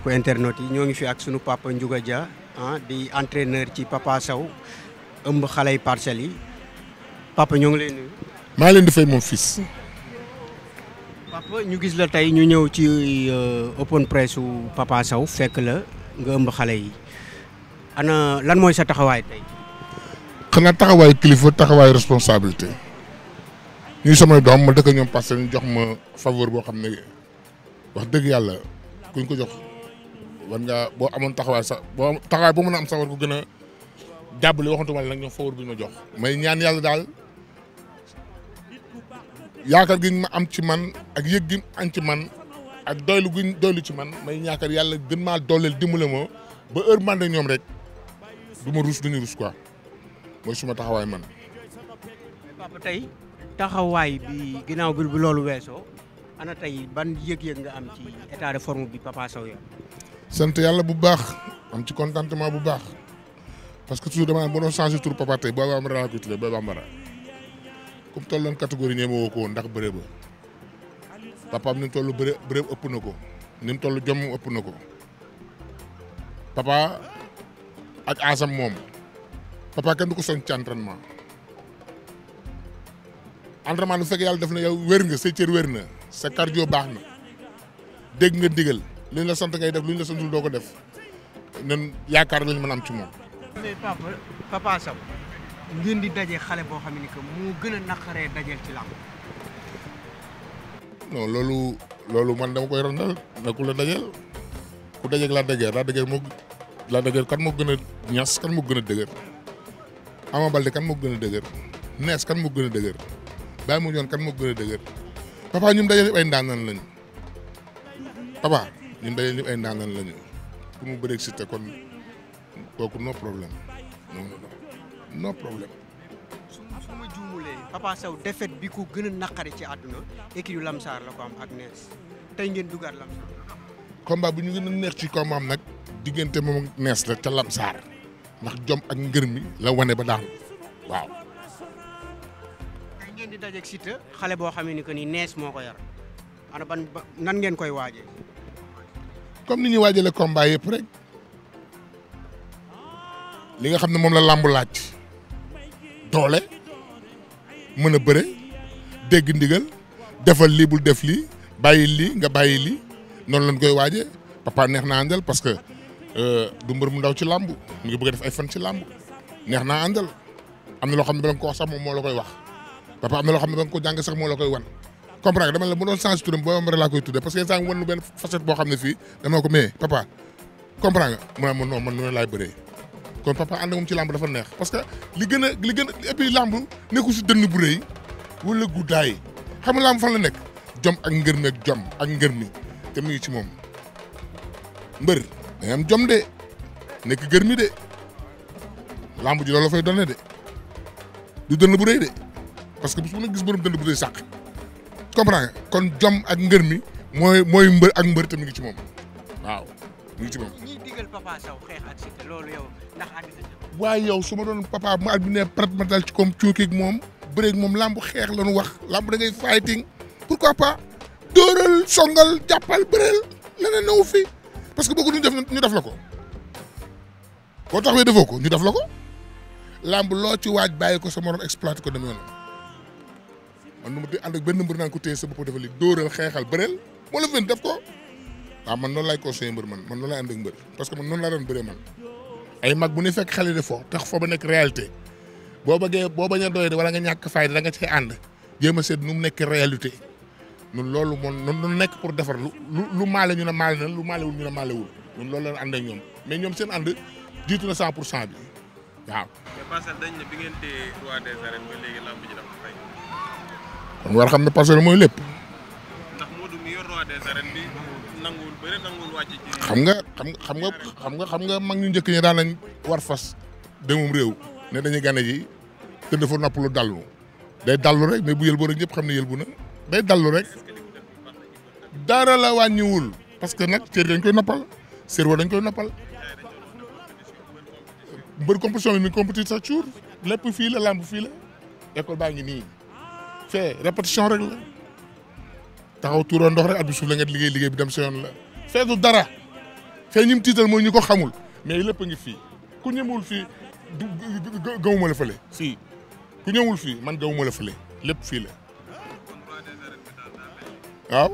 mbokk internet yi ñoo ngi fi ak sunu papa Ndiouga Dia ah, di entraîneur ci Papa Sow ëmb xale yi papa ñoo ngi lay nuyu. leen di fay mon fils. papa ñu gis la tey ñu ñëw ci euh, open press ou Papa Sow fekk la nga ëmb xale yi ana lan mooy sa taxawaay tey. xanaa taxawaay kilifa taxawaay responsabilité ñuy samay doom ma dëkk ñoom parce que ñu jox ma faveur boo xam ne wax dëgg yàlla kuñ ko jox. war ngaa boo amoon taxawaay sax boo taxawaay boo mën a am sax war ko gën a jàppale la nag ñoom faveur bi ma jox. may ñaan yàlla daal yaakaar gi ma am ci man ak yëg gi am ci man ak doylu gi ci man may ñaakaar yàlla gën maa dooleel dimbale ma ba heure man ñoom rek du ma rus du ñu rus quoi mooy suma taxawaay man. papa tey taxawaay bi ginnaaw bi loolu weesoo ana tey ban yëg-yëg nga am ci état de bi papa Sow sant yalla bu baax am ci contentement bu baax parce que toujours dama naan boo doon changé tur papa tey Boy Bambara laa koy tuddee Boy Bambara comme tolloon catégorie ñe mo ko ndax bëre ba papaam ni mu toll bëre bëre ëpp nako ko tollu mu ëpp nako papa ak asam mom papa kenn du ko soñ ci entraînement entraînement bu fekkee def na yow wër nga sa cër wër na sa cardio baax na deg nga ndigal li ñu la sant ngay def lu ñu la santul doo ko def nen yaakaar lañ ma am ci moom. mais papa ngeen di daje xale boo xam ne que moo gën a dajeel ci làmb. non loolu loolu man dama koy randal ne ku la dajeel ku dajeeg laa dëgër laa dëgër moo laa dëgër kan moo gën a ñas kan moo gën a dëgër Ama Baldé kan moo gën a dëgër nees kan moo gën a dëgër Baye Mandione kan moo gën a dëgër papa ñum dajeel ay ndaanan lañu papa. ñun dañuy ñu ay ndaanaan lañu kooku no problème non bi ko gën a ci àdduna équipe yu Lamsaar la ko am ak tey ngeen dugaat Lamsaar. bu ñu ci combat nag diggante moom ak nees la ca Lamsaar ndax jom ak ngër mi la wane ba daan waaw. di dajeeg Siteu xale boo xam ne que ni nees moo ko yar ana ban nan ngeen koy waaje comme ni ñuy waajale combat yëpp rek li nga xam ne moom la làmb laaj doole mën a bëre dégg ndigal defal lii bul def lii bàyyi lii nga bàyyi lii noonu lañ koy waaje papa neex naa àndal parce que euh, du mbër mu ndaw ci lamb mu ngi bëgg a def ay fan ci làmb neex naa àndal am na loo xam ne ba nga ko wax sax moom moo la koy wax papa am na loo xam ne ba nga ko jàng sax moo la koy wan comprendre dama la bu doon change turam booy Omar laa koy tuddee parce que saa ngi wan benn facette boo xam ne fii dama ko mais papa comprendre nga mu ne non man noonu laay bëree kon papa ànd moom ci làmb dafa neex parce que li gën a li gën a et puis làmb nekku si dënn bu rëy wala guddaay xam nga làmb fan la nekk jom ak ngër mi ak jom ak ngër mi te mu ngi ci moom mbër danga am jom de nekk gër de làmb ji loolu fay donne de du dënn bu rëy de parce que bu su mën a gis bu sàq comprends nga kon jom ak ngër mi mooy mooy mbër ak mbër te mi ngi ci moom waaw mi ngi ci moom. ñiy digal papa Sow yow waaye yow su ma doon papa ma at bi ne pare ma dal ci koom cuuki ak moom bëreeg moom làmb xeex la ñu wax làmb da ngay fighting pourquoi pas dóoral songal jàppal bëreel leneen newu fi parce que bëgg nu def ñu def la ko boo tax wee defoo ko ñu def la ko làmb loo ci waaj bàyyi ko sa morom exploité ko dem yoonam man nu ma di ànd ak benn mbër naan ko téye sa bopp dafa li dóoral xeexal bëreel moo la fen def ko waaw ah, man noonu laay conseillé mbër man man noonu laay ànd ak mbër parce que man noonu laa doon bëree man ay mag bu ñu fekk xale di fo tax fo ba nekk réalité boo bëggee boo bañ a doy de nga ñàkk fayda da nga cee ànd jéem a seet mu nekk réalité ñun loolu moom noonu nekk pour defar lu lu maale ñu ne maale na lu maale maalewul ñu ne maalewul ñun loolu la ñu ànd ak ñoom mais ñoom seen ànd jiitu na 100 pour cent bi waaw. kon war xam ne parcelle mooy lépp. xam nga xam nga xam nga xam nga xam nga mag ñu njëkk ñi daan nañ war fas demum réew ne dañuy gane ji tëdd fa noppalu dallu day dallu rek mais bu yëlbu rek ñëpp xam ne yëlbu na day dallu rek dara la wàññiwul parce que nag cër dañ koy noppal cerveau dañ koy nappal mbër compétition bi mi compétit chaque jour lépp fii la làmb fii la école baa ngi nii. fee répétition rek la taxaw tuuroo ndox rek at bi suuf la nga liggéey liggéey bi dem sa yoon la fee du dara fee ñi mu tiital mooy ñu ko xamul mais lépp a ngi fii ku ñëmul fii du gawuma la fële fii ku ñëwul fii man gawuma la fële lépp fii la waaw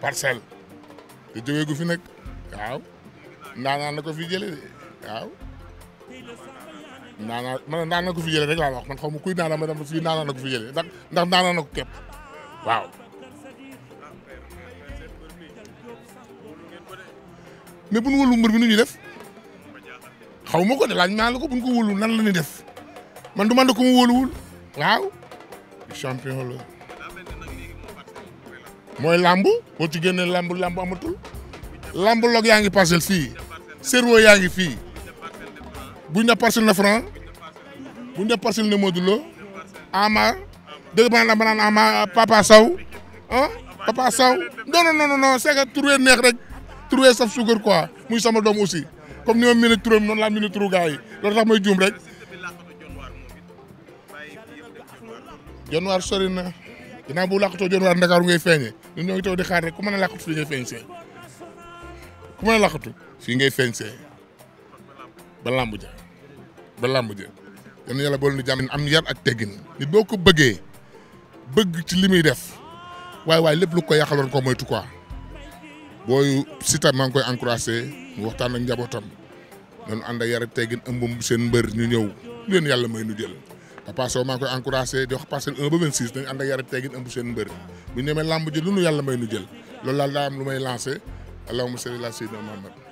parcelle te jógee gu fi nag waaw ndaanaan na ko fi jëlee de waaw naanaa naan naana ko fi jëlee rek laa wax man xaw ma kuy naana ma dama fii na ko fi jëlee ndax ndax na ko képp waaw. mais bu nu wëlu mbër mi nu ñuy def xaw ma ko de laaj naa la ko bu ñu ko wëlu nan la ñuy def man du man da ko mu wëluwul waaw. champion la mooy làmb boo ci génnee làmb làmb amatul làmb yaa ngi passé fii servo yaa ngi fii. Vous n'avez ne na franc bu ne na modulo Ama deug la Ama Papa saw hein Papa non non non non c'est que trouver neex rek trouver sa suukar quoi muy sama dom aussi comme ni ma mën a non nous laa mën a yi tax moy djoum rek. Jonwaar sori na nous bu làqatoo Jonwaar Ndakaaru ngay feeñee ñun ngi taw di xaar rek ku ngay ku ngay ba làmb ja ba làmb ja yal na yàlla boole am yar ak teggin nit boo ko bëggee ci li def waaye waaye lépp lu ko yàqaloon ko moytu quoi booy Siteu maa ngi koy encouragé mu waxtaan ak njabootam nañu ànd ak yar ak teggin ëmbum seen mbër ñu ñëw leen yàlla may nu jël. Papa Sow maa ngi koy encouragé di wax passé 1 ba 26 dañu ànd ak yar ak teggin ëmb seen mbër bu ñu demee làmb ji lu may nu jël am lu may allahumma salli ala sayyidina Muhammad